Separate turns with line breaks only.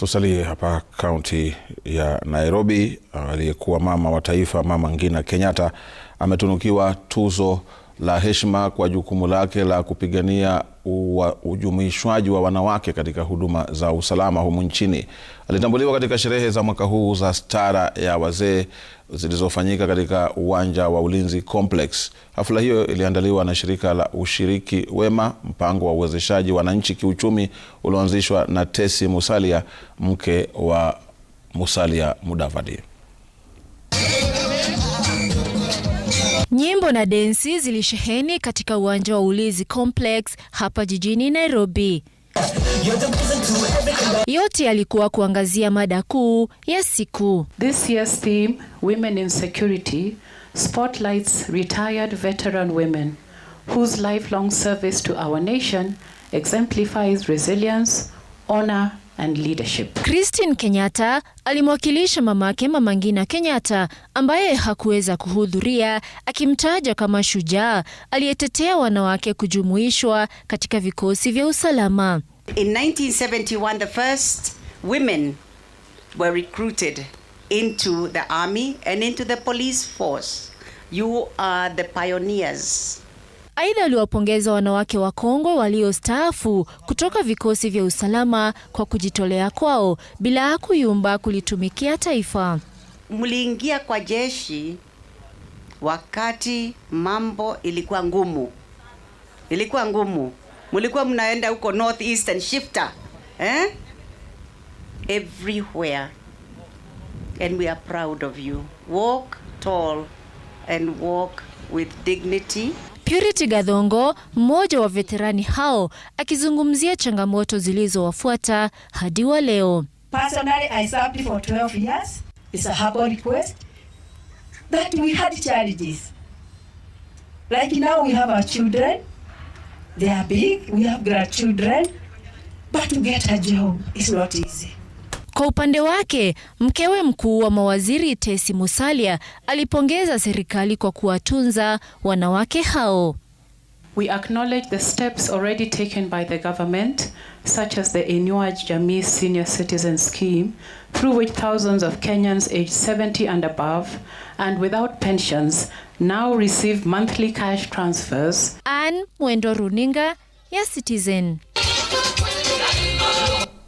Tusalie hapa kaunti ya Nairobi. Aliyekuwa mama wa taifa Mama Ngina Kenyatta ametunukiwa tuzo la heshima kwa jukumu lake la kupigania ujumuishwaji wa wanawake katika huduma za usalama humu nchini. Alitambuliwa katika sherehe za mwaka huu za stara ya wazee zilizofanyika katika uwanja wa Ulinzi Complex. Hafla hiyo iliandaliwa na shirika la Ushiriki Wema, mpango wa uwezeshaji wananchi kiuchumi ulioanzishwa na Tesi Musalia, mke wa Musalia Mudavadi.
Nyimbo na densi zilisheheni katika uwanja wa Ulinzi Complex hapa jijini Nairobi. Yote yalikuwa kuangazia mada kuu ya siku.
This year's theme, Women in Security, spotlights retired veteran women whose lifelong service to our nation exemplifies resilience, honor and leadership.
Christine Kenyatta alimwakilisha mamake Mama Ngina Kenyatta ambaye hakuweza kuhudhuria, akimtaja kama shujaa aliyetetea wanawake kujumuishwa katika vikosi vya usalama.
In 1971 the first women were recruited into the army and into the police force. You are the pioneers.
Aidha, aliwapongeza wanawake wakongwe waliostaafu kutoka vikosi vya usalama kwa kujitolea kwao bila ya kuyumba kulitumikia taifa.
Mliingia kwa jeshi wakati mambo ilikuwa ngumu, ilikuwa ngumu, mlikuwa mnaenda huko north eastern shifter eh? everywhere and we are proud of you walk tall and walk with dignity
Purity Gathongo, mmoja wa veterani hao, akizungumzia changamoto zilizowafuata hadi wa leo.
They are big, we have grandchildren, but to get a job is not easy.
Kwa upande wake, mkewe mkuu wa mawaziri Tesi Musalia alipongeza serikali kwa kuwatunza wanawake hao.
We acknowledge the steps already taken by the government such as the Inuaj Jamii Senior Citizen Scheme through which thousands of Kenyans aged 70 and above and without pensions now receive monthly cash transfers.
Anne Mwendo Runinga ya Citizen.